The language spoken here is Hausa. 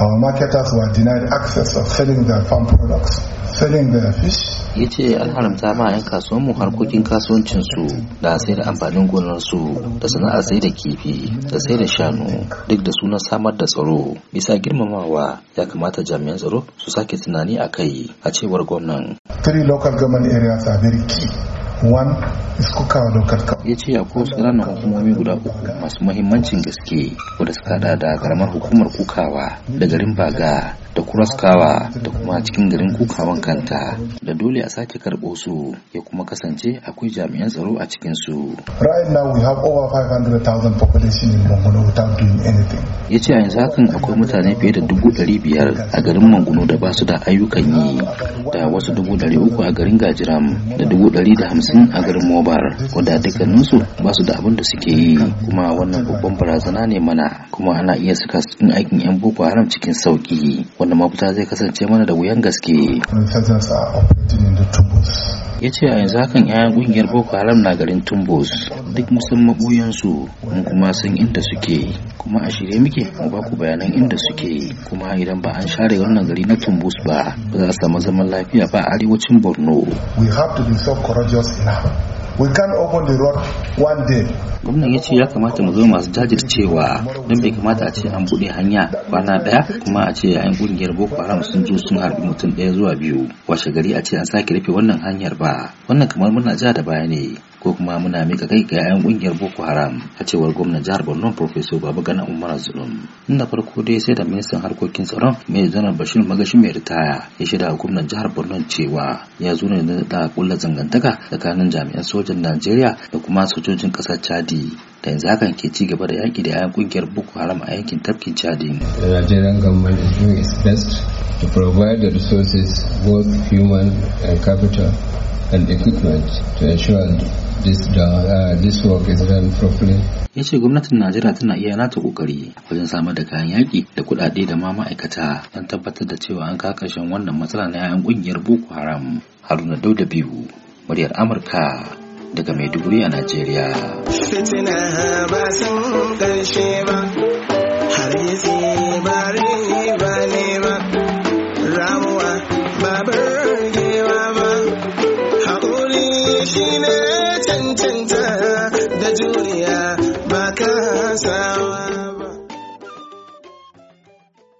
our marketers were denied access of selling their farm products selling their fish ya ce an haramta ma 'yan kasuwanmu harkokin kasuwancinsu da sai da amfanin gonarsu da sana'ar sai da kifi da sai da shanu duk da sunan samar da tsaro bisa girmamawa ya kamata jami'an tsaro su sake tunani a kai a cewar gwamnan three local government areas are very key ya ce akwai wasu ƙananan hukumomi guda uku masu mahimmancin gaske wadda suka hada da karamar hukumar kukawa da garin baga da kuraskawa da kuma cikin garin kuka wankanta, da dole a sake karɓo su ya kuma kasance akwai jami'an tsaro a cikin su. Right now we 500,000 population in without doing anything. Ya ce a yanzu hakan akwai mutane fiye da dubu ɗari biyar a garin Manguno da ba su da ayyukan yi da wasu dubu ɗari uku a garin Gajiram da dubu ɗari da hamsin a garin Mobar wadda dukkaninsu ba su da abin da suke yi kuma wannan babban barazana ne mana kuma ana iya saka cikin aikin 'yan Boko Haram cikin sauƙi. wanda mafita zai kasance mana da wuyan gaske ya ce a yanzu hakan 'ya'yan kungiyar boko haram na garin tumbos duk musan mabuyansu mun kuma san inda suke kuma a shirye muke mu ba ku bayanan inda suke kuma idan ba an share wannan gari na tumbus ba ba za a samu zaman lafiya ba a arewacin borno we have to be so we can open the road one day gwamnan ya ce ya kamata mu zo masu jajircewa don bai kamata a ce an buɗe hanya kwana ɗaya kuma a ce yayin ƙungiyar boko haram sun zo sun harbi mutum ɗaya zuwa biyu washe gari a ce an sake rufe wannan hanyar ba wannan kamar muna ja da baya ne ko kuma muna mika kai ga 'yan kungiyar boko haram a cewar gwamnan jihar borno professor babagana umar zulum na farko dai sai da ministan harkokin tsaron mai zanar bashir magashi mai ritaya ya shaida a gwamnan jihar borno cewa ya zo ne da kulla zangantaka tsakanin jami'an sojan najeriya da kuma sojojin kasar chadi da yanzu hakan ke ci gaba da yaki da 'ya'yan kungiyar boko haram a yankin tafkin chadi ne nigerian government is doing best to provide the resources both human and capital and equipment to ensure Uh, uh, ya ce gwamnatin najeriya tana iya nata kokari wajen samar da kayan yaƙi da kuɗaɗe da ma ma'aikata don tabbatar da cewa an kawo shan wannan matsala na 'ya'yan ƙungiyar boko haram haruna dauda biyu muryar amurka daga maiduguri a najeriya fitina ba sun ƙarshe ba har yi